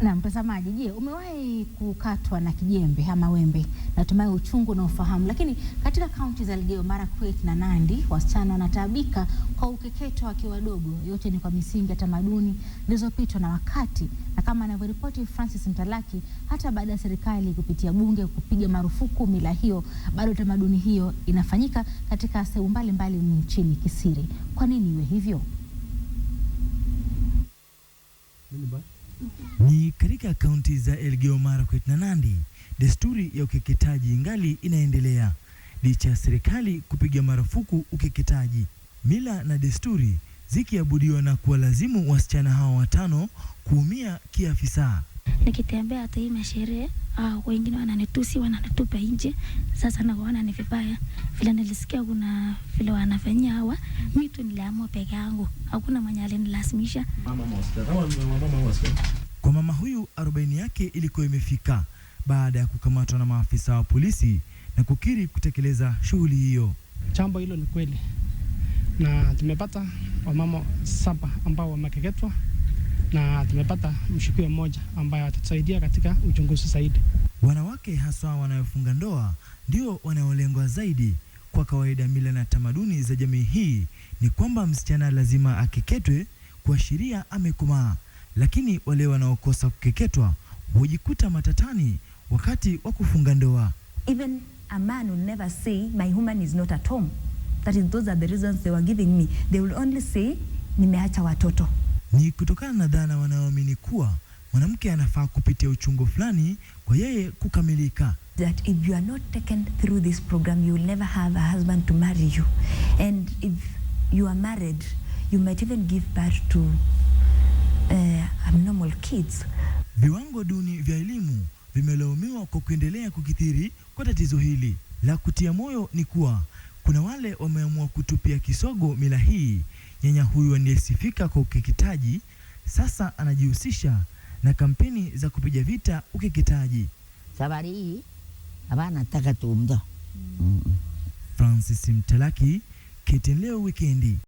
Na mtazamaji, je, umewahi kukatwa na kijembe ama wembe? Natumai uchungu na ufahamu. Lakini katika kaunti za Elgeyo Marakwet na Nandi, wasichana wanataabika kwa ukeketo wakiwa wadogo. Yote ni kwa misingi ya tamaduni zilizopitwa na wakati, na kama anavyoripoti Francis Mtalaki, hata baada ya serikali kupitia bunge kupiga marufuku mila hiyo, bado tamaduni hiyo inafanyika katika sehemu mbalimbali nchini kisiri. Kwa nini iwe hivyo? Katika kaunti za Elgeyo Marakwet na Nandi, desturi ya ukeketaji ingali inaendelea licha ya serikali kupiga marufuku ukeketaji. Mila na desturi zikiabudiwa na kuwalazimu wasichana hao watano kuumia kiafisa. Nikitembea hata hii masherehe uh, wengine wananitusi, wananitupa nje. Sasa naona ni vibaya vile nilisikia kuna vile wanafanyia hawa, mimi tu niliamua peke yangu, hakuna mwenye alinilazimisha yake ilikuwa imefika baada ya kukamatwa na maafisa wa polisi na kukiri kutekeleza shughuli hiyo. Jambo hilo ni kweli, na tumepata wamama saba ambao wamekeketwa na tumepata mshukiwa mmoja ambaye atatusaidia katika uchunguzi zaidi. Wanawake haswa wanayofunga ndoa ndio wanaolengwa zaidi. Kwa kawaida, mila na tamaduni za jamii hii ni kwamba msichana lazima akeketwe kuashiria amekomaa, lakini wale wanaokosa kukeketwa hujikuta matatani wakati wa kufunga ndoa. Even a man will never say my woman is not at home. That is those are the reasons they were giving me. They will only say nimeacha watoto. Ni kutokana na dhana wanaoamini kuwa mwanamke anafaa kupitia uchungu fulani kwa yeye kukamilika. That if you are not taken through this program you will never have a husband to marry you. And if you are married you might even give birth to uh, abnormal kids. Viwango duni vya elimu vimelaumiwa kwa kuendelea kukithiri kwa tatizo hili. La kutia moyo ni kuwa kuna wale wameamua kutupia kisogo mila hii. Nyanya huyu anayesifika kwa ukeketaji sasa anajihusisha na kampeni za kupiga vita ukeketaji. Safari hii hapana taka tumdo. Francis Mtalaki, KTN leo wikendi.